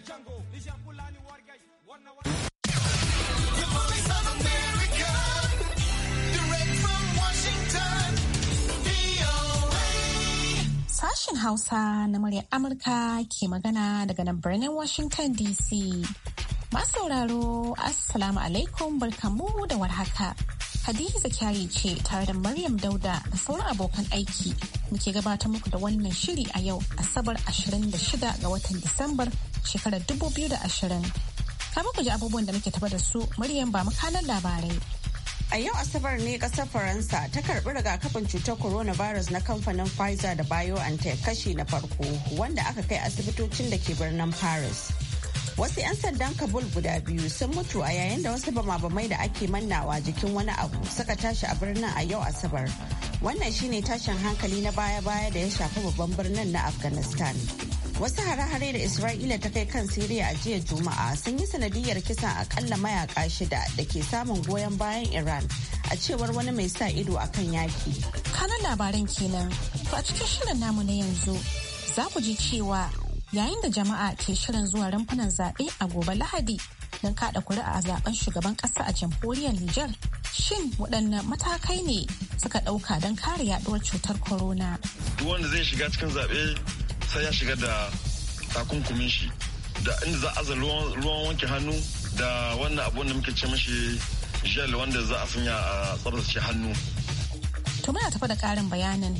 Sashen Hausa na muryar Amurka ke magana daga nan birnin Washington DC. Masauraro, Assalamu alaikum barkamu da warhaka. Hadiza Kyari ce tare da Maryam Dauda da sauran abokan aiki muke gabata muku da wannan shiri a yau Asabar 26 ga watan Disambar shekarar 2020. Kama ku ji abubuwan da muke taba da su Maryam ba makanan labarai. A yau Asabar ne kasar Faransa ta karbi rigakafin cutar coronavirus na kamfanin Pfizer da BioNTech kashi na farko wanda aka kai asibitocin da ke birnin Paris. wasu 'yan sandan kabul guda biyu sun mutu a yayin da wasu bama-bamai da ake mannawa jikin wani abu suka tashi a birnin a yau asabar wannan shine tashin hankali na baya-baya da ya shafi babban birnin na afghanistan wasu hare-hare da isra'ila ta kai kan siriya a jiya juma'a sun yi sanadiyar kisan akalla mayaka shida da ke samun goyon bayan iran a cewar wani mai sa ido akan yaki kanan labaran kenan ko a cikin shirin namu na yanzu za ku ji cewa yayin da jama'a ke shirin zuwa rumfunan zaɓe a gobe lahadi don kaɗa kuri'a a zaben shugaban ƙasa a jamhuriyar Nijar. Shin waɗanne matakai ne suka ɗauka don kare yaɗuwar cutar corona? wanda zai shiga cikin zaɓe sai ya shiga da takunkumin shi da inda za a ruwan wanke hannu da wannan abu da muke ce mashi gel wanda za a sanya a tsarkace hannu. To muna tafa da ƙarin bayanin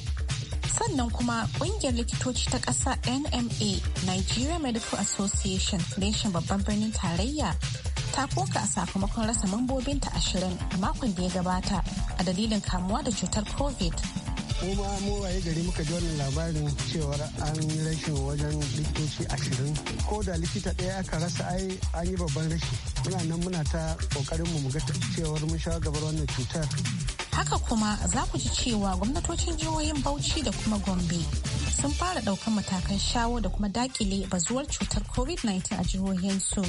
sannan kuma kungiyar likitoci ta ƙasa nma nigeria medical association reshen babban birnin tarayya ta koka a sakamakon rasa mambobin ta ashirin a makon da ya gabata a dalilin kamuwa da cutar covid mu mu waye gari muka ji wannan labarin cewar an rashin wajen likitoci ashirin ko da likita ɗaya aka rasa ai an yi babban rashi muna nan muna ta ƙoƙarin mu ga cewar mun sha gabar wannan cutar Haka kuma za ku ji cewa gwamnatocin jihohin Bauchi da kuma Gombe sun fara ɗaukar matakan shawo da kuma dakile bazuwar cutar COVID-19 a su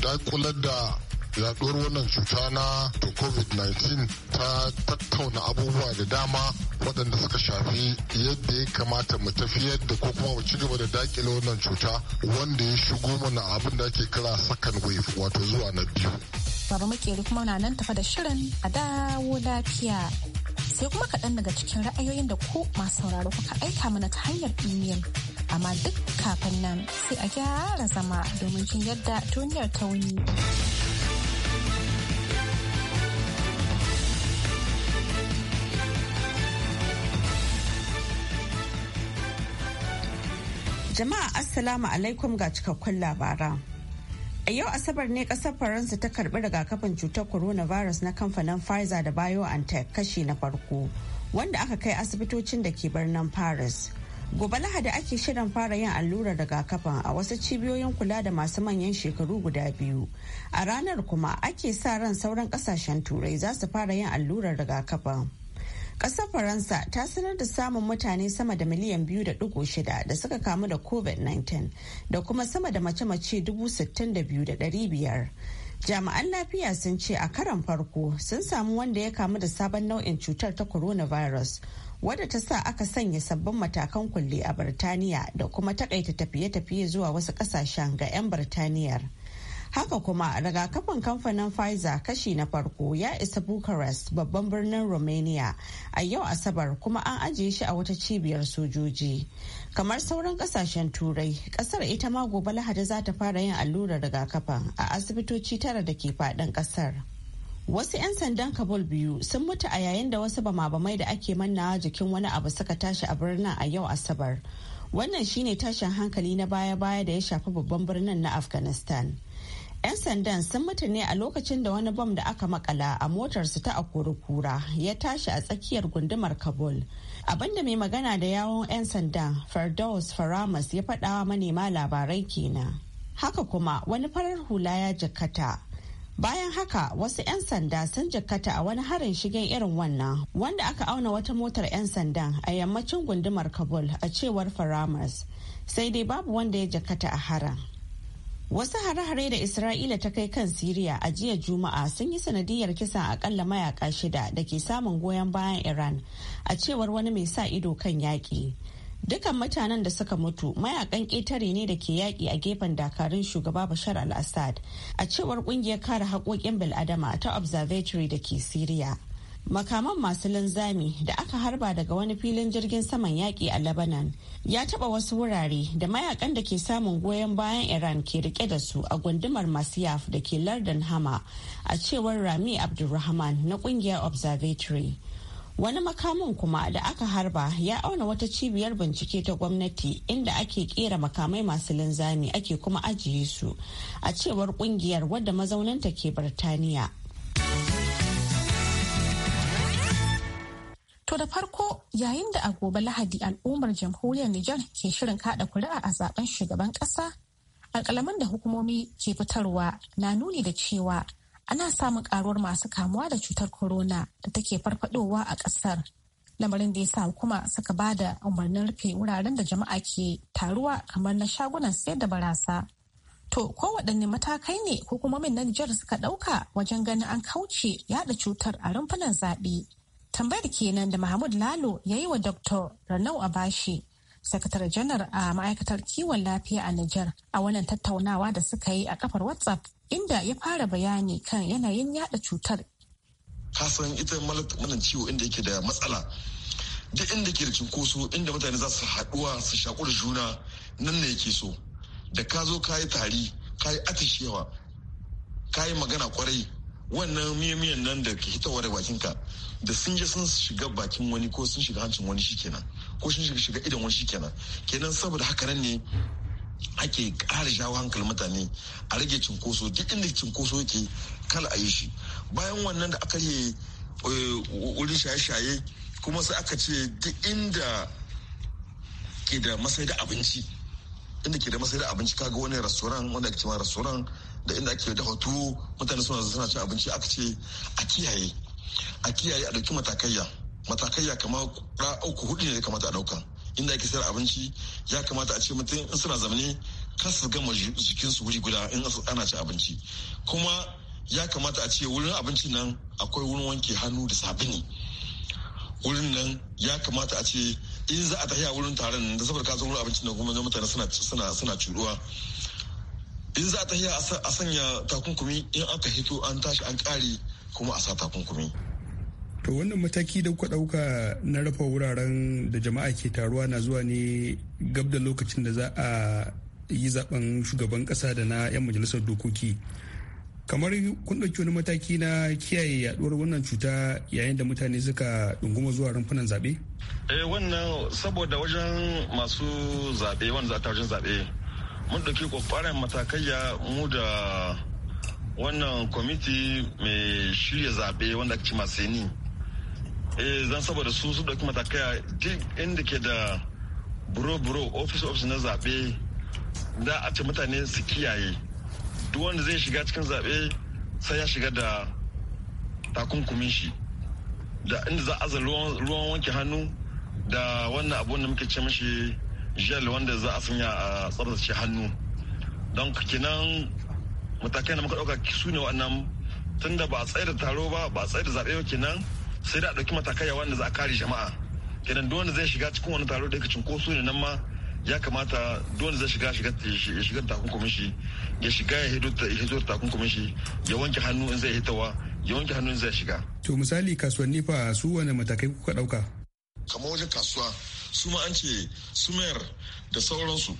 Dakular da yaduwar wannan cuta na covid-19 ta tattauna abubuwa da dama waɗanda suka shafi yadda ya kamata mu tafiyar da ko kuma mu ci gaba da dakile wannan cuta wanda ya shigo mana abin da ake kira second wave wato zuwa na biyu baba makeri kuma na nan tafa da shirin a dawo lafiya sai kuma kaɗan daga cikin ra'ayoyin da ku masu sauraro kuka aika mana ta hanyar imel amma duk kafin nan sai a gyara zama domin jin yadda duniyar ta wuni. Jama'a Assalamu alaikum ga cikakkun labaran. A yau Asabar ne kasar Faransa ta karbi rigakafin cutar coronavirus na kamfanin Pfizer da BioNTech kashi na farko wanda aka kai asibitocin da ke birnin Paris. Gobe Lahadi ake shirin fara yin allurar rigakafin a wasu cibiyoyin kula da masu manyan shekaru guda biyu. A ranar kuma ake sa ran sauran kasashen turai za su fara yin allurar rigakafin. Ƙasar Faransa ta sanar da samun mutane sama da miliyan biyu da ɗigo shida da suka kamu da COVID-19 da kuma sama da mace-mace dubu sittin da biyu da ɗari biyar. Jami'an lafiya sun ce a karan farko sun samu wanda ya kamu da sabon nau'in cutar ta coronavirus wadda ta sa aka sanya sabbin matakan kulle a Birtaniya da kuma taƙaita tafiye-tafiye zuwa wasu ƙasashen ga 'yan Birtaniyar. Haka kuma rigakafin kamfanin Pfizer kashi na farko ya isa Bucharest babban birnin Romania a yau Asabar kuma an ajiye shi a wata cibiyar sojoji. Kamar sauran kasashen Turai, kasar ita ma gobe Lahadi za ta fara yin allurar rigakafin a asibitoci tara da ke fadin kasar. Wasu 'yan sandan Kabul biyu sun mutu a yayin da wasu bama-bamai da ake mannawa jikin wani abu suka tashi a birnin a yau Asabar. Wannan shine tashin hankali na baya-baya da ya shafi babban birnin na Afghanistan. 'Yan sandan sun mutu ne a lokacin da wani bom da aka makala a motarsu ta Akurukura ya tashi a tsakiyar gundumar Kabul. Abinda mai magana da yawon 'yan sandan Ferdows Faramas ya faɗawa manema labarai kenan. Haka kuma wani farar hula ya jikkata. Bayan haka wasu 'yan sanda sun jikkata a wani harin shigen irin wannan wanda aka auna wata motar 'yan sandan a yammacin gundumar Kabul a cewar Faramas. Sai dai babu wanda ya jikkata a harin. Wasu hare-hare da Isra'ila ta kai kan Siriya a jiya Juma'a sun yi sanadiyar kisan akalla mayaka shida da ke samun goyon bayan Iran a cewar wani mai sa ido kan yaƙi. Dukan mutanen da suka mutu mayakan ƙetare ne da ke yaƙi a gefen dakarun shugaba Bashar al-Assad a cewar ƙungiyar kare haƙoƙin bil'adama ta Observatory da ke Siriya. makaman masu linzami da aka harba daga wani filin jirgin saman yaƙi a Lebanon ya taɓa wasu wurare da mayakan da ke samun goyon bayan Iran ke rike da su a gundumar Masiyaf da ke lardin Hama a cewar Rami Abdulrahman na ƙungiyar Observatory. Wani makamin kuma da aka harba ya auna wata cibiyar bincike ta gwamnati inda ake kera makamai masu linzami ake kuma ajiye su a cewar kungiyar wadda mazauninta ke Birtaniya. To da farko yayin da a gobe Lahadi al'ummar jamhuriyar Nijar ke shirin kada kuri'a a zaben shugaban ƙasa, alƙalaman da hukumomi ke fitarwa na nuni da cewa ana samun ƙaruwar masu kamuwa da cutar corona da take farfadowa a ƙasar. lamarin da ya sa kuma suka ba da umarnin rufe wuraren da jama'a ke taruwa kamar na shagunan sayar da barasa. To, ko waɗanne matakai ne hukumomin na Nijar suka ɗauka wajen ganin an kauce yaɗa cutar a rumfunan zaɓe. Tambayar kenan da Mahmud Lalo ya yi wa Dr. Ranau Abashi, Sakatar janar a ma'aikatar kiwon lafiya a Nijar a wannan tattaunawa da suka yi a kafar WhatsApp inda ya fara bayani kan yanayin yada cutar. Kasan ita mana ciwo inda yake da matsala duk inda ke da cinkoso inda mutane za su haɗuwa su shaƙu da juna nan ne yake so da ka zo ka yi tari ka yi atishewa ka yi magana kwarai wannan miyan nan da ke hitowa da bakin ka da sun je sun shiga bakin wani ko sun shiga hancin wani shikenan ko sun shiga idan wani shikenan kenan saboda haka nan ne ake ƙara jawo hankali mutane a rage cinkoso duk inda cinkoso yake kala a yi shi bayan wannan da aka yi eh, wurin shaye-shaye kuma sai aka ce duk inda ke da masai da abinci inda ke da masai da abinci kaga wani rasoran wanda ake cewa rasoran da inda ake da hoto mutane suna suna cin abinci aka ce a kiyaye a kiyaye a dauki matakaiya matakaiya kamar ra uku hudu ne ya kamata a dauka inda ake sayar abinci ya kamata a ce mutum in suna zamani kan su gama jikinsu wuri guda in ana cin abinci kuma ya kamata a ce wurin abinci nan akwai wurin wanke hannu da sabini wurin nan ya kamata a ce in za a tafiya wurin taron da saboda ka zo wurin abincin nan kuma mutane suna suna suna curuwa in za ta iya a sanya takunkumi in aka hito an tashi an kare kuma a sa takunkumi to wannan mataki da kuka ɗauka na rafa wuraren da jama'a ke taruwa na zuwa ne gab da lokacin da za a yi zaben shugaban ƙasa da na 'yan majalisar dokoki kamar kun ɗauki wani mataki na kiyaye yaduwar wannan cuta yayin da mutane suka ɗunguma zuwa rumfunan zaɓe? eh wannan saboda wajen masu zaɓe wanda za ta wajen zaɓe mun ɗauki kwakwaran matakaiya mu da wannan kwamiti mai shirya zabe wanda ake cima seni eh zan saboda su su ɗauki matakaiya duk inda ke da buro-buro ofis-ofis na zabe da a ce mutane su kiyaye duk wanda zai shiga cikin zaɓe sai ya shiga da takunkumin shi da inda za a ruwan wanke hannu da wannan abu da muke ce mashi gel wanda za a sanya a tsarkace hannu don kinan matakai da muka dauka su ne wannan da ba a tsaye da taro ba ba a tsaye da zaɓe ba sai da a ɗauki matakai wanda za a kare jama'a kenan duk wanda zai shiga cikin wani taro da yake su ne nan ma ya kamata wanda zai shiga ya shiga takunkumin shi ya shiga ya hito takunkumin shi ya wanke hannu in zai hitawa ya wanke hannu in zai shiga. to misali kasuwanni fa su wani matakai kuka dauka. kamar wajen kasuwa su ma an ce sumer da sauransu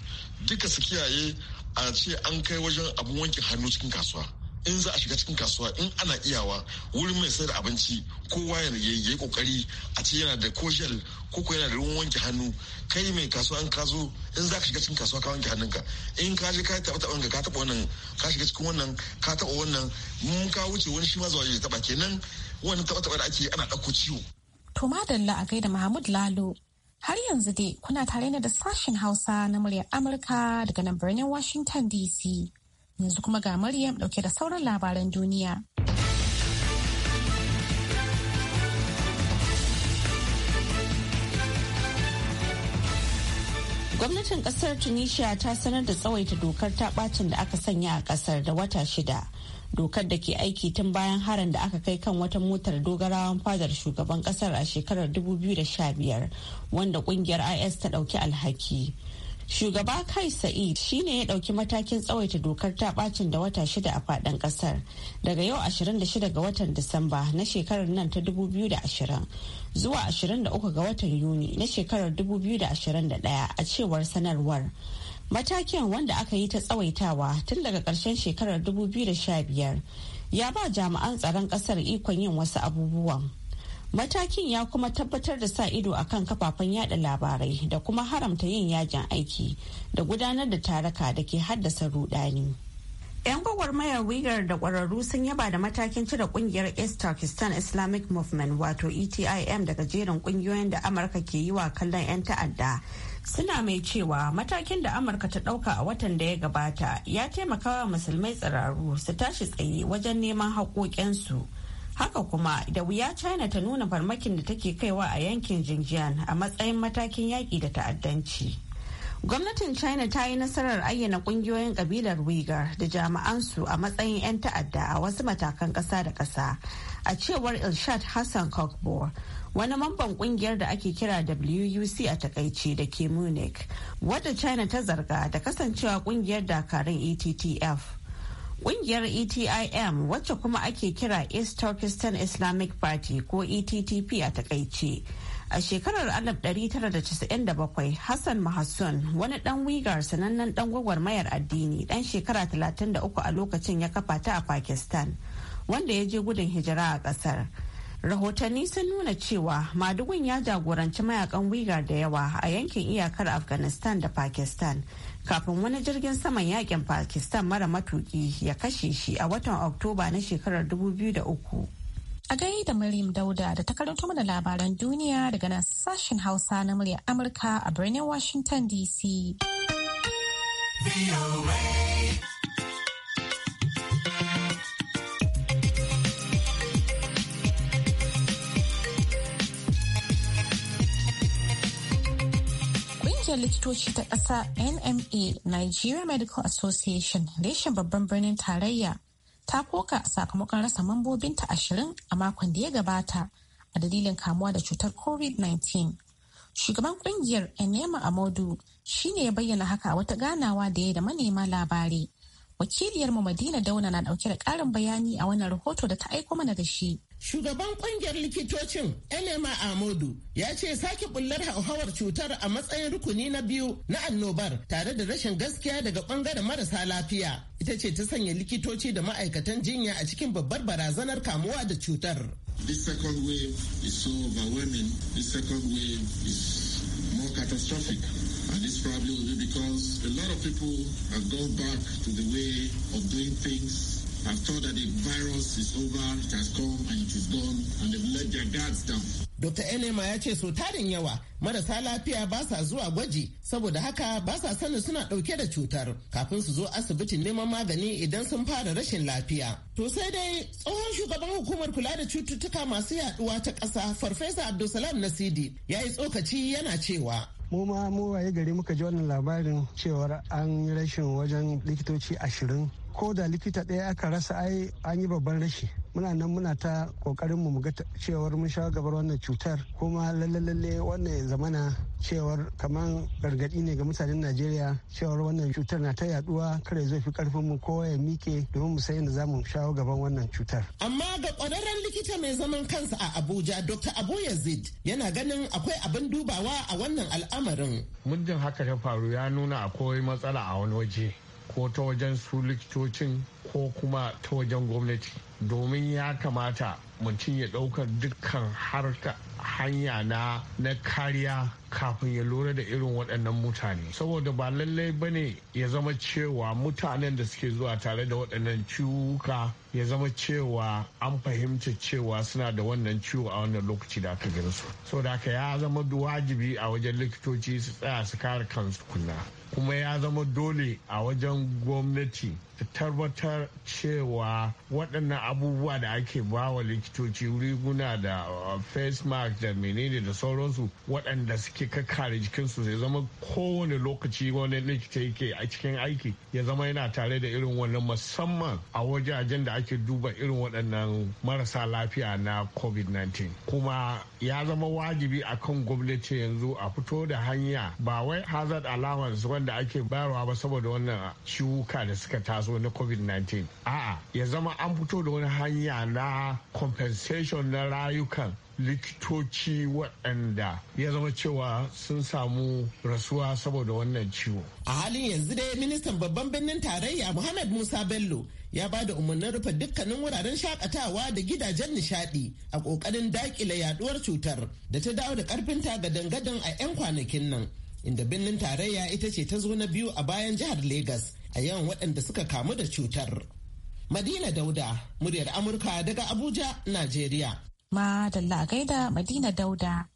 duka su kiyaye a ce an kai wajen abin wanke hannu cikin kasuwa in za a shiga cikin kasuwa in ana iyawa wurin mai sayar abinci kowa ya yi kokari a ce yana da koshel ko ko yana da ruwan wanke hannu kai mai kasuwa in ka zo in za ka shiga cikin kasuwa ka wanke hannunka in ka je ka taɓa taɓa ka taɓa wannan ka shiga cikin wannan ka taɓa wannan mun ka wuce wani shi ma zuwa ya taɓa kenan wannan taɓa taɓa da ake ana dauko ciwo. to madalla a gaida mahmud lalo Har yanzu dai kuna tare ne da sashen Hausa na muryar Amurka daga nan birnin Washington DC. Yanzu kuma ga Maryam dauke da sauran labaran duniya. Gwamnatin kasar Tunisia ta sanar da tsawaita dokar ta bacin da aka sanya a kasar da wata shida. dokar da ke aiki tun bayan harin da aka kai kan wata motar dogarawan fadar shugaban kasar a shekarar 2015 wanda kungiyar is ta dauki alhaki shugaba kai sa'id shine ya dauki matakin tsawaita dokar ta bacin da wata shida a fadin kasar daga yau 26 ga watan disamba na shekarar nan ta 2020 zuwa 23 ga watan yuni na shekarar 2021 a cewar sanarwar Matakin wanda aka yi ta tsawaitawa tun daga ƙarshen shekarar 2015 ya ba jami'an tsaron ƙasar ikon yin wasu abubuwan. Matakin ya kuma tabbatar da sa ido a kan kafafen yada labarai da kuma haramta yin yajin aiki da gudanar da taraka da ke haddasa rudani. 'Yan gwagwarmayar wigar da kwararru sun yaba da matakin cire kungiyar East Turkistan Islamic Movement wato ETIM daga jerin kungiyoyin da Amurka ke yi wa kallon 'yan ta'adda suna mai cewa matakin da amurka ta ɗauka a watan da ya gabata ya taimakawa musulmai tsiraru su tashi tsaye wajen neman haƙoƙinsu haka kuma da wuya china ta nuna farmakin da take kaiwa a yankin jinjiyan a matsayin matakin yaƙi da ta'addanci gwamnatin china ta yi nasarar ayyana ƙungiyoyin kabilar Uighur da jami'ansu a matsayin 'yan ta'adda a wasu matakan ƙasa da ƙasa a cewar ilshad hassan kokbor wani mamban kungiyar da ake kira wuc a takaice da ke munich wadda china ta zarga da kasancewa kungiyar dakarun ettf Kungiyar ETIM wacce kuma ake kira East Turkestan Islamic Party ko ETTP a takaice. A shekarar 1997 Hassan Mahasun wani ɗan wigar sanannen ɗan gwagwarmayar addini dan shekara 33 a lokacin ya kafa ta a Pakistan wanda ya je gudun hijira a kasar. rahotanni sun nuna cewa madugun ya jagoranci mayakan wigar da yawa a yankin iyakar afghanistan da pakistan kafin wani jirgin saman yakin pakistan mara matuki ya kashe shi a watan oktoba na shekarar 2003 a gai da maryam dauda da ta karanto mana labaran duniya daga nan sashen hausa na murya amurka a birnin washington dc Ƙungiyar likitoci ta ƙasa NMA Nigeria Medical Association reshen babban birnin tarayya ta koka sakamakon rasa mambobinta ashirin a makon da ya gabata a dalilin kamuwa da cutar COVID-19. Shugaban ƙungiyar Enema Amodu shi ne ya bayyana haka a wata ganawa da ya yi da manema labarai. Wakiliyar mu Madina Dauna na ɗauke da ƙarin bayani a wannan rahoto da ta aiko mana da shi. Shugaban kungiyar likitocin Enema Amodu ya ce sake bullar hauhawar cutar a matsayin rukuni na biyu na annobar tare da rashin gaskiya daga bangaren marasa lafiya. Ita ce ta sanya likitoci da ma'aikatan jinya a cikin babbar barazanar kamuwa da cutar. This second wave is so overwhelming. This second wave is more catastrophic. And this probably will be because a lot of people have gone back to the way of doing things have thought that the virus is over, it has come and it is gone, and they've let their guards down. Dr. Enema ya ce so tarin yawa marasa lafiya ba sa zuwa gwaji saboda haka ba sa sanin suna ɗauke da cutar kafin su zo asibitin neman magani idan sun fara rashin lafiya. To sai dai tsohon shugaban hukumar kula da cututtuka masu yaduwa ta ƙasa Farfesa Abdulsalam Nasidi ya yi tsokaci yana cewa. mu ma mu waye gari muka ji wannan labarin cewar an rashin wajen likitoci ashirin ko da likita ɗaya aka rasa ai an yi babban rashi muna nan muna ta kokarin mu ga cewar mun sha gabar wannan cutar kuma lalle wannan ya zamana cewar kamar gargaɗi ne ga mutanen Najeriya cewar wannan cutar na ta yaduwa kare zai fi karfin mu ko ya mike domin mu da za zamu shawo gaban wannan cutar amma ga kwararren likita mai zaman kansa a Abuja Dr. Abu Yazid yana ganin akwai abin dubawa a wannan al'amarin muddin haka ta faru ya nuna akwai matsala a wani waje ko ta wajen su likitocin ko kuma ta wajen gwamnati domin ya kamata mutum ya ɗaukar dukkan harka hanya na na kariya kafin ya lura da irin waɗannan mutane saboda ba lallai ba ne ya zama cewa mutanen da suke zuwa tare da waɗannan ciwuka ya zama cewa an fahimta cewa suna da wannan ciwo a wannan lokaci da aka gina su saboda haka ya zama wajibi a wajen likitoci su tsaya su kare kansu kunna kuma ya zama dole a wajen gwamnati ta tabbatar cewa waɗannan abubuwa da ake ba wa likitoci riguna da uh, face mask da menene da sauransu waɗanda suke kakkare jikinsu zai zama kowane lokaci wani likita yake a cikin aiki ya zama yana tare da irin wannan musamman a wajajen da ake duba irin waɗannan marasa lafiya na covid-19 kuma ya zama wajibi a kan gwamnati yanzu a fito da hanya ba wai hazard allowance wanda ake bayarwa ba saboda wannan ciwuka da suka taso na covid-19 a'a ya zama an fito da wani hanya na compensation na rayukan likitoci waɗanda ya zama cewa sun samu rasuwa saboda wannan ciwo. A halin yanzu dai ministan babban birnin tarayya Muhammad Musa Bello ya ba da umarnin rufe dukkanin wuraren shakatawa da gidajen nishadi a ƙoƙarin daƙile yaduwar cutar da ta dawo da karfinta ga dangadan a 'yan kwanakin nan inda birnin tarayya ita ce ta zo na biyu a bayan jihar Legas a yawan waɗanda suka kamu da cutar. Madina Dauda, muryar Amurka daga Abuja, Najeriya. da gaida Madina Dauda.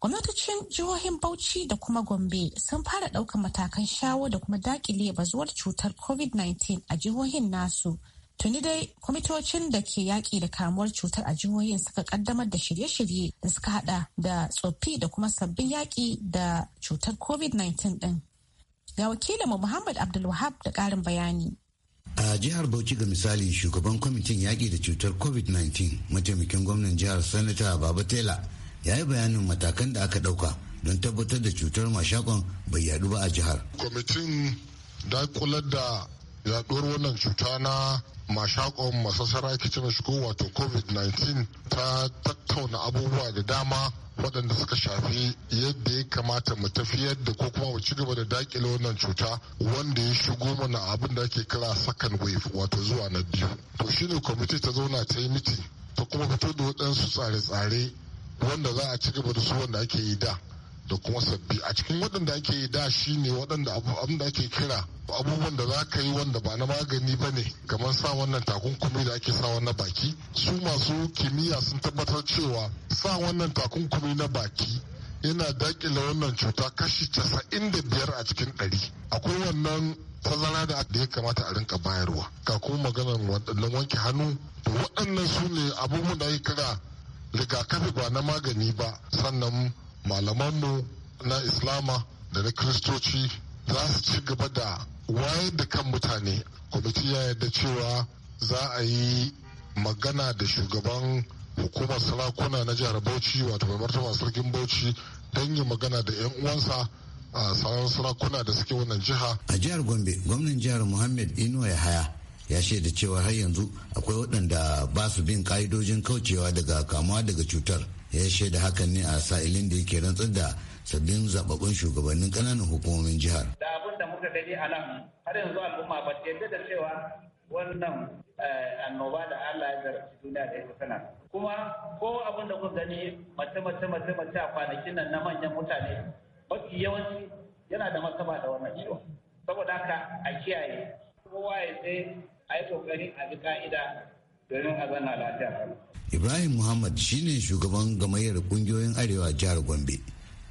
Gwamnatocin jihohin Bauchi da kuma Gombe sun fara ɗaukar matakan shawo da kuma dakile bazuwar cutar COVID-19 a jihohin nasu. Tuni dai kwamitocin da ke yaƙi da kamuwar cutar a jihohin suka kaddamar da shirye-shirye da suka hada da tsoffi da kuma sabbin yaƙi da cutar COVID-19 ɗin. Ga wakilinmu Muhammad Abdulwahab da ƙarin bayani. a jihar bauchi ga misali shugaban kwamitin yaƙi da cutar covid-19 mataimakin gwamnan jihar sanata baba tela ya yi bayanin matakan da aka ɗauka don tabbatar da cutar mashakon bai yadu ba a jihar kwamitin da kular da yaduwar wannan cuta na mashakon masasara cin shigo wato covid-19 ta tattauna abubuwa da dama waɗanda suka shafi yadda ya kamata mu tafiyar da ko kuma mu ci gaba da dakile wannan cuta wanda ya shigo mana abin da ake kira second wave wato zuwa na biyu to shine kwamiti ta zauna ta yi miti ta kuma fito da waɗansu tsare-tsare wanda za a ci gaba da su wanda ake yi da da kuma sabbi a cikin waɗanda ake yi da shi ne waɗanda abin da ake kira abubuwan da za ka yi wanda ba na magani ba ne kamar sa wannan takunkumi da ake sa na baki su masu kimiyya sun tabbatar cewa sa wannan takunkumi na baki yana dakile wannan cuta kashi casa'in da biyar a cikin ɗari akwai wannan tazara da ya kamata a rinka bayarwa ga kuma maganar wanke hannu da waɗannan su ne abubuwan da ake kira rigakafi ba na magani ba sannan malamanmu na islama da na kristoci za su ci gaba da wayar da kan mutane kwamiti ya yarda cewa za a yi magana da shugaban hukumar sarakuna na jihar bauchi wato mai martaba sarkin bauchi don yi magana da 'yan uwansa a sauran sarakuna da suke wannan jiha a jihar gombe gwamnan jihar muhammad inuwa ya haya ya shaida cewa har yanzu akwai waɗanda ba su bin ka'idojin kaucewa daga kamuwa daga cutar ya shaida hakan ne a sa'ilin da yake rantsar da sabbin zababbun shugabannin ƙananan hukumomin jihar. da abin da muka gani a nan har yanzu al'umma ba ta yadda da cewa wannan eh, annoba da Allah ya zarafi duniya da ya tana kuma ko abin da kuka gani mace mace mace mace a kwanakin nan na manyan mutane mafi yawanci yana da masaba da wannan ciwon saboda haka a kiyaye kowa ya sai a yi a bi ka'ida domin a zana lafiya. Ibrahim Muhammad shine shugaban gamayyar kungiyoyin Arewa jihar Gombe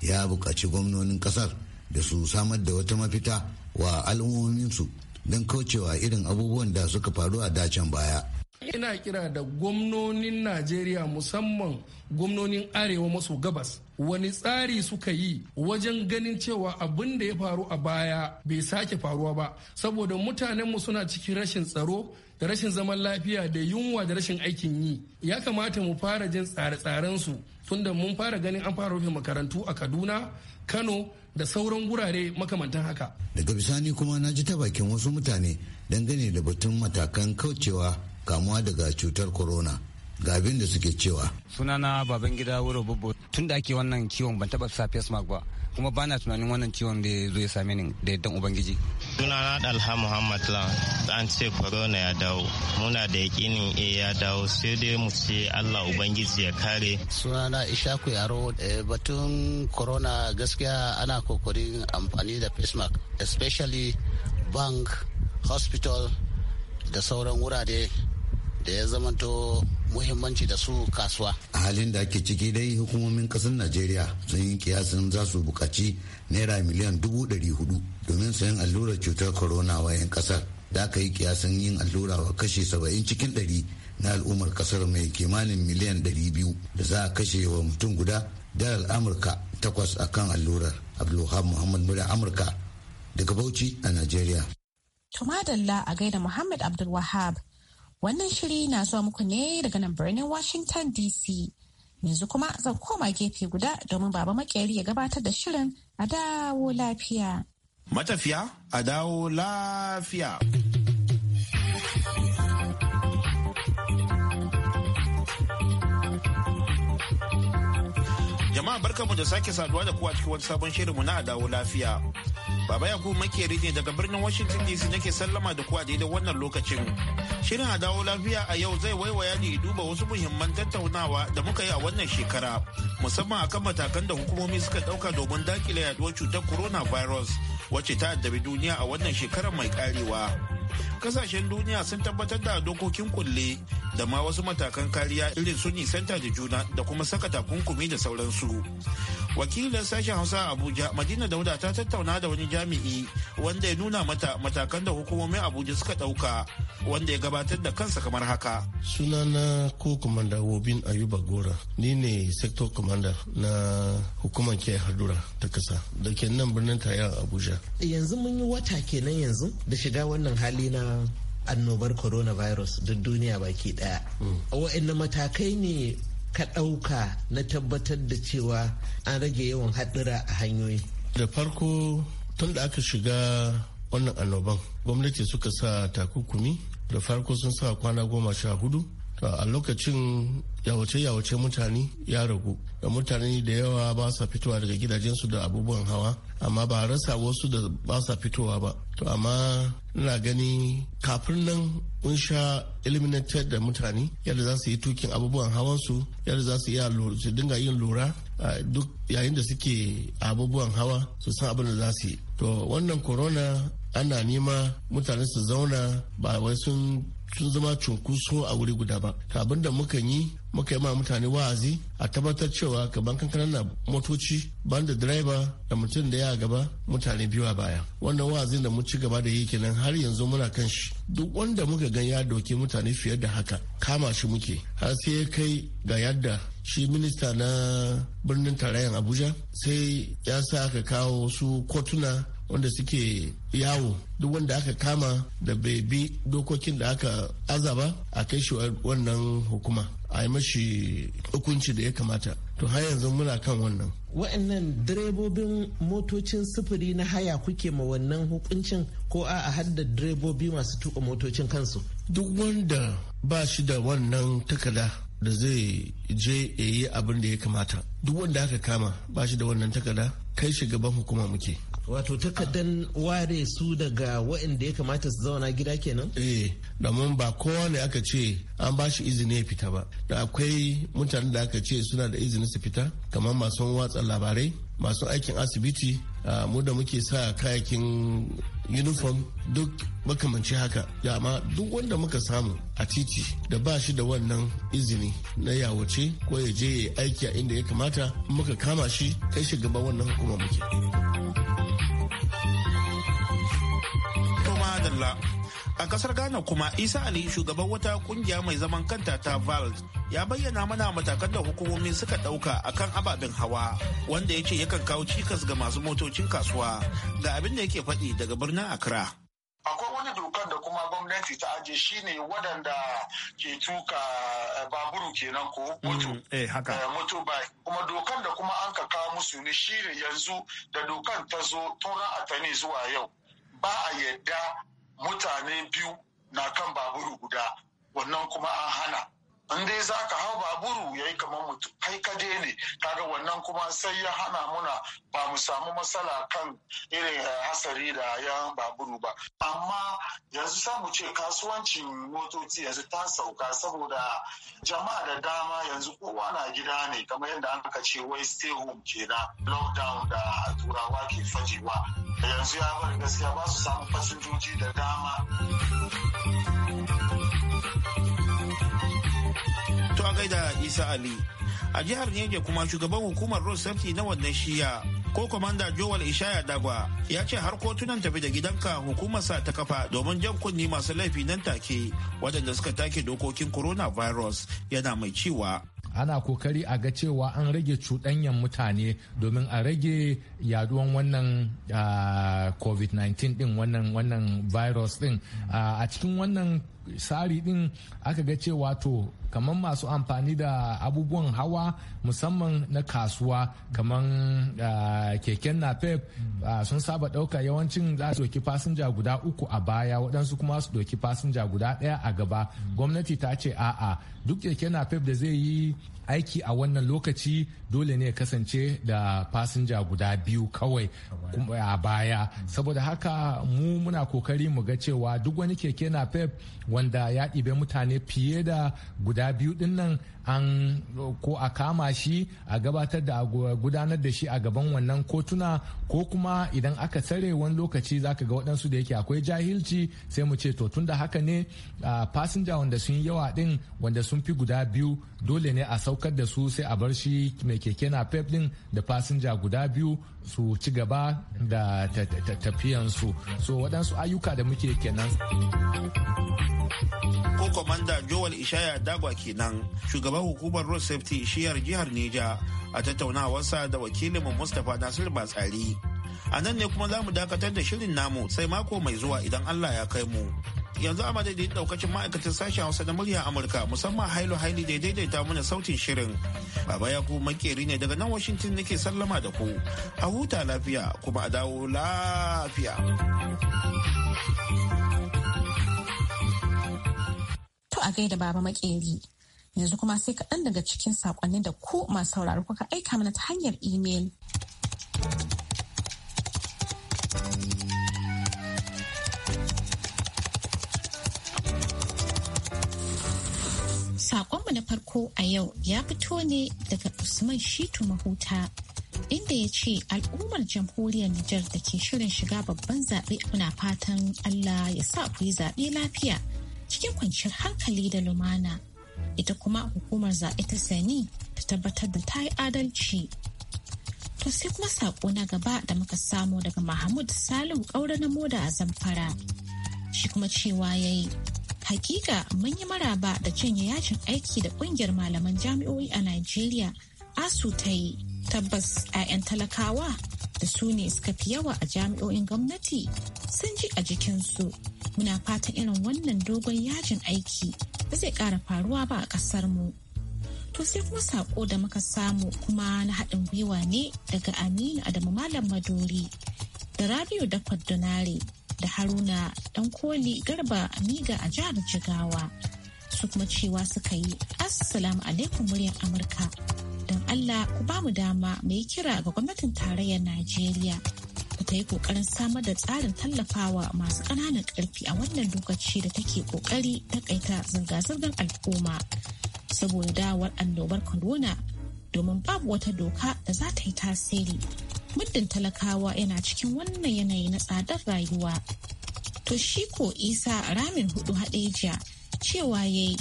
ya buƙaci gwamnonin ƙasar da su samar da wata mafita wa al'ummominsu don kaucewa irin abubuwan da suka faru a dacen baya. ina kira da gwamnonin najeriya musamman gwamnonin arewa maso gabas wani tsari suka yi wajen ganin cewa abin da ya faru a baya bai sake faruwa ba saboda mutanenmu suna cikin rashin tsaro da rashin zaman lafiya da yunwa da rashin aikin yi ya kamata mu fara jin tsare-tsarensu tunda mun fara ganin an fara rufe makarantu a kaduna kano da sauran gurare makamantan haka daga bisani kuma na ji ta bakin wasu mutane dangane da batun matakan kaucewa kamuwa daga cutar corona ga abin da suke cewa sunana baban gida wuro tun da ake wannan ciwon ban taba sa face mask ba kuma ba na tunanin wannan ciwon da zo ya same ni da yadda ubangiji sunana dalha muhammad lan an ce corona ya dawo muna da yakinin e eh, ya dawo sai dai mu ce allah ubangiji ya kare sunana ishaku yaro eh, batun corona gaskiya ana kokarin amfani da face mask especially bank hospital da sauran wurare da ya zamanto muhimmanci da su kasuwa. A halin da ake ciki dai hukumomin kasar Najeriya sun yi kiyasin za su bukaci naira miliyan dubu ɗari hudu domin sayan allurar cutar corona wa 'yan kasar. Da aka yi kiyasin yin allura wa kashe saba'in cikin ɗari na al'ummar kasar mai kimanin miliyan ɗari biyu da za a kashe wa mutum guda dalar Amurka takwas akan allurar. Abdulhamid Muhammad Murya Amurka daga Bauchi a Najeriya. Tumadalla a gaida Muhammad Abdulwahab. Wannan shiri na zuwa muku ne daga nan birnin Washington DC. Yanzu kuma zan koma gefe guda domin baba makeri ya gabatar da shirin a dawo lafiya. Matafiya a dawo lafiya. Jama'a barkanmu da sake saduwa da kuwa cikin wani sabon shirinmu na dawo lafiya. Baba Yakubu makeri ne daga birnin Washington DC nake sallama da kuwa daidai wannan lokacin. Shirin a dawo lafiya a yau zai waiwaya ne duba wasu muhimman tattaunawa da muka yi a wannan shekara. Musamman akan matakan da hukumomi suka ɗauka domin dakile yaduwar cutar coronavirus wacce ta addabi duniya a wannan shekarar mai karewa. Kasashen duniya sun tabbatar da dokokin kulle da ma wasu matakan kariya irin su nisanta da juna da kuma saka takunkumi da sauransu. wakilin sashen hausa a abuja madina dauda ta tattauna da wani jami'i wanda ya nuna mata matakan da hukumomin abuja suka dauka wanda ya gabatar da kansa kamar haka sunana ko komanda wobin ayuba gora ni ne sector commander na hukumar ke hadura ta kasa da ke nan birnin tayar abuja yanzu mun yi wata kenan yanzu da shiga wannan hali na annobar coronavirus duk duniya baki daya mm. wa'anne matakai ne ka ɗauka na tabbatar da cewa an rage yawan haɗura a hanyoyi? Da farko tun da aka shiga wannan annoban gwamnati suka sa takukumi da farko sun sa kwana goma sha hudu a lokacin yawace-yawace mutane ya ragu da mutane da yawa ba sa fitowa daga gidajensu da abubuwan hawa amma ba rasa wasu da ba sa fitowa ba to amma ina gani kafin nan kun sha eliminated da mutane yadda za su yi tukin abubuwan hawansu yadda za su su dinga yin lura duk yayin da suke abubuwan hawa su san abin da za su yi to wannan corona ana nema mutane su zauna ba wai sun sun zama cunkuso a wuri guda ba abin da muka yi muka yi ma mutane wa'azi a tabbatar cewa gaban kankanan na motoci ban da direba da mutum da ya gaba mutane biyu a baya wannan wa'azin da mu ci gaba da yi kenan har yanzu muna kan shi duk wanda muka gan ya doke mutane fiye da haka kama shi muke har sai ya kai ga yadda shi minista na birnin tarayyan abuja sai ya sa aka kawo su kotuna wanda suke yawo duk wanda aka kama da bai bi dokokin da aka azaba a kai shi wannan hukuma a yi mashi hukunci da ya kamata to har yanzu muna kan wannan wa'annan direbobin motocin sufuri na haya kuke ma wannan hukuncin ko a hadda direbobi masu tuka motocin kansu duk wanda ba shi da wannan takada da zai je ya yi abin da ya kamata duk wanda aka kama ba shi da wannan takada kai shi gaban hukuma muke wato takardan ware su daga waɗanda ya kamata su zauna gida kenan eh domin ba kowa ne aka ce an ba shi izini ya fita ba da akwai mutanen da aka ce suna da izini su fita kamar masu watsa labarai masu aikin asibiti mu da muke sa kayakin uniform duk makamanci haka amma duk wanda muka samu a titi da ba shi da wannan izini na yawace ko ya je aiki a inda ya kamata muka kama shi kai shi gaba wannan hukuma muke. A kasar Ghana kuma Isa Ali shugaban wata kungiya mai zaman kanta ta Vald ya bayyana mana matakan da hukumomi suka ɗauka kan ababen hawa wanda ya ce yakan kawo cikas ga masu motocin kasuwa ga abin da yake faɗi daga birnin Accra. Akwai wani dokar da kuma gwamnati ta aje shine waɗanda ke tuka eh, baburu kenan ko mm, moto. Eh, eh Kuma dokan da kuma an ka kawo musu ne shine yanzu da dokar ta zo tura a zuwa yau. Ba a yadda mutane biyu na kan baburu guda wannan kuma an hana in dai za ka hau baburu ya yi kamar mutum kai kade ne kaga wannan kuma sai ya hana muna ba mu samu matsala kan irin eh, hasari da yan baburu ba amma yanzu sa mu ce kasuwancin motoci yanzu ta sauka saboda jama'a da dama yanzu kowa na gida ne kamar yadda aka ce wai stay home kenan lockdown da turawa ke fajewa yanzu ya bari gaskiya ba su samu fasinjoji da dama to a gaida isa ali a jihar Niger kuma shugaban hukumar road safety na wannan shiya ko kwamanda Joel Ishaya Dagwa ya ce har kotunan tafi da gidanka hukumarsa ta kafa domin jan kunni masu laifi nan take waɗanda suka take dokokin coronavirus yana mai cewa ana kokari a ga cewa an rage cuɗanyan mutane domin a rage yaduwan wannan ah, covid-19 din wannan virus din ah, a cikin wannan tsari din aka ga cewa to kamar masu amfani da abubuwan hawa musamman na kasuwa kamar ah, keken napep mm. ah, sun saba ɗauka yawancin za su doki fasinja guda uku a baya waɗansu kuma su doki fasinja guda ɗaya a gaba mm. gwamnati ta ce a'a duk keke napep da zai yi aiki a wannan lokaci dole ne ya kasance da fasinja guda biyu kawai a baya saboda haka mu muna kokari mu ga cewa duk wani keke na pep wanda ya ɗibe mutane fiye da guda biyu din nan an ko a kama shi a gabatar da gudanar da shi a gaban wannan kotuna ko kuma idan aka tsare wani lokaci zaka ga waɗansu da yake akwai jahilci sai mu ce to tunda haka ne fasinja wanda sun yawa din wanda sun fi guda biyu dole ne a saukar da su sai a bar shi mai keke na din da fasinja guda biyu su ci gaba da tafiyansu so waɗansu ayyuka da muke kenan ko komanda joel ishaya dagwa kenan shugaban hukumar road safety shiyar jihar neja a tattaunawarsa da wakilinmu mustapha nasir batsari a nan ne kuma za mu dakatar da shirin namu sai mako mai zuwa idan allah ya kai mu yanzu a madadin daukacin ma'aikatan sashen hausa na murya amurka musamman hailu haili da daidaita mana sautin shirin baba ya ku makeri ne daga nan washington nake sallama da ku a huta lafiya kuma a dawo lafiya to a gaida baba makeri yanzu kuma sai kaɗan daga cikin saƙonni da ku masu sauraro kuka aika mana ta hanyar imel. farko a yau ya fito ne daga Usman Shitu Mahuta inda ya ce al'ummar jamhuriyar Nijar da ke shirin shiga babban zaɓe kuna fatan Allah ya sa ku yi zaɓe lafiya cikin kwanciyar hankali da lumana. Ita kuma hukumar zaɓe ta sani ta tabbatar da ta yi adalci. To sai kuma saƙo na gaba da muka samu daga Mahmud Salihu ƙaura na moda a Zamfara. Shi kuma cewa ya yi Hakika mun yi maraba da canye yajin aiki da kungiyar malaman jami'o'i a Najeriya ASU ta yi tabbas 'ya'yan talakawa da su ne suka fi yawa a jami'o'in gwamnati sun ji a jikinsu. Muna fatan irin wannan dogon yajin aiki ba zai ƙara faruwa ba a ƙasar mu. To sai kuma sako da muka samu kuma na haɗin gwiwa ne daga Aminu Adamu Malam Maduri da Rabiu da Donare da haruna dan koli garba amiga a jihar jigawa su kuma cewa suka yi assalamu alaikum muryar amurka don allah ku ba mu dama mai kira ga gwamnatin tarayyar najeriya da ta yi kokarin samar da tsarin tallafawa masu ƙananan ƙarfi a wannan lokaci da take kokari takaita zirga-zirgar al'umma saboda dawar annobar corona domin babu wata doka da za ta yi tasiri muddin talakawa yana cikin wannan yanayi na tsadar rayuwa to shi ko isa ramin hudu haɗe jiya, cewa ya yi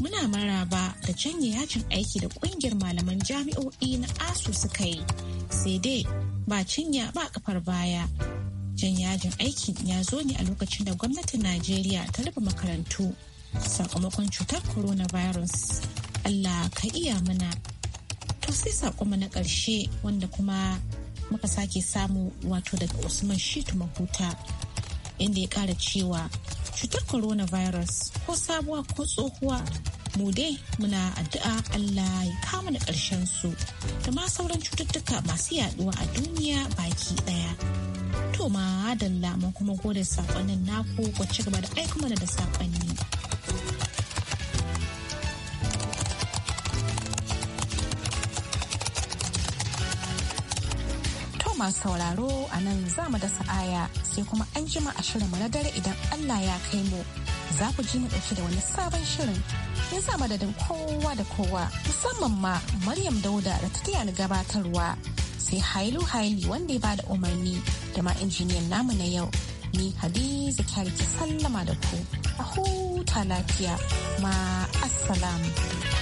muna maraba da canye yajin aiki da ƙungiyar malaman jami'o'i na asu suka yi sai dai ba cinya ba kafar baya jan yajin aiki ya zo ne a lokacin da gwamnatin najeriya ta rufe makarantu sakamakon cutar coronavirus allah ka iya mana to sai sakoma na ƙarshe wanda kuma muka sake samu wato daga usman shitu mahuta inda ya kara cewa cutar coronavirus ko sabuwa ko tsohuwa mu dai muna addu'a allah ya kama da ƙarshen su da ma sauran cututtuka masu yaduwa a duniya baki daya to ma dalla mun kuma gode saƙonnin naku ku ci gaba da aiko mana da sakonni masu sauraro a nan za mu dasa aya sai kuma an jima a shirinmu na dare idan Allah ya kai mu za ku ji mu dauke da wani sabon shirin in sa madadin kowa da kowa musamman ma Maryam Dauda da ta ni gabatarwa sai Hailu Haili wanda ya bada umarni da ma injiniyan namu na yau ni Hadiza Kyari sallama da ku a huta lafiya ma assalamu.